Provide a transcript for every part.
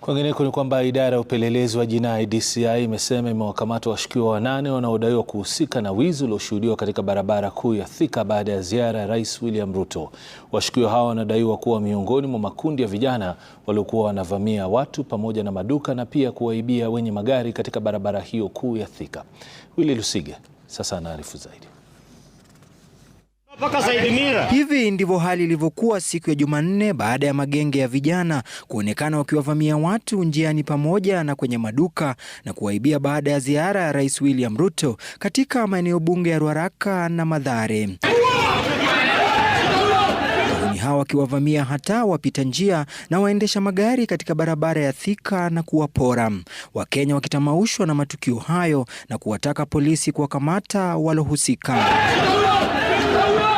Kwingineko ni kwamba idara ya upelelezi wa jinai DCI imesema imewakamata washukiwa wanane wanaodaiwa kuhusika na wizi ulioshuhudiwa katika barabara kuu ya Thika baada ya ziara ya Rais William Ruto. Washukiwa hao wanadaiwa kuwa miongoni mwa makundi ya vijana waliokuwa wanavamia watu pamoja na maduka na pia kuwaibia wenye magari katika barabara hiyo kuu ya Thika. Willy Lusige sasa anaarifu zaidi. Hivi ndivyo hali ilivyokuwa siku ya Jumanne baada ya magenge ya vijana kuonekana wakiwavamia watu njiani pamoja na kwenye maduka na kuwaibia baada ya ziara ya Rais William Ruto katika maeneo bunge ya Ruaraka na Mathare. Wahuni hao wakiwavamia hata wapita njia na waendesha magari katika barabara ya Thika na kuwapora. Wakenya wakitamaushwa na matukio hayo na kuwataka polisi kuwakamata walohusika.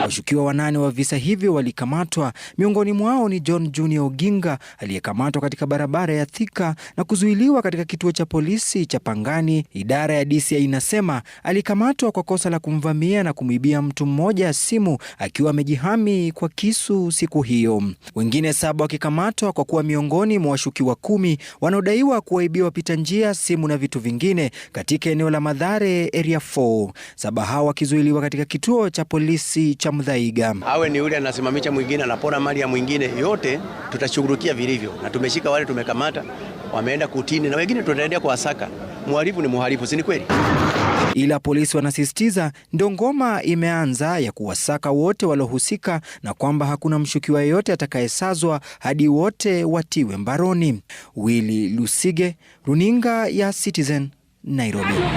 Washukiwa wanane wa visa hivyo walikamatwa. Miongoni mwao ni John Junior Oginga aliyekamatwa katika barabara ya Thika na kuzuiliwa katika kituo cha polisi cha Pangani. Idara ya DCI inasema alikamatwa kwa kosa la kumvamia na kumwibia mtu mmoja simu akiwa amejihami kwa kisu siku hiyo. Wengine saba wakikamatwa kwa kuwa miongoni mwa washukiwa kumi wanaodaiwa kuwaibia wapita njia simu na vitu vingine katika eneo la Madhare area 4. Saba hao wakizuiliwa katika kituo cha polisi cha Rebeka Awe ni yule anasimamisha mwingine, anapona mali ya mwingine, yote tutashughulikia vilivyo, na tumeshika wale tumekamata, wameenda kutini na wengine tutaendelea kuwasaka. Mhalifu ni mhalifu, si ni kweli? Ila polisi wanasisitiza ngoma imeanza ya kuwasaka wote waliohusika na kwamba hakuna mshukiwa yeyote atakayesazwa hadi wote watiwe mbaroni. Willy Lusige, runinga ya Citizen, Nairobi.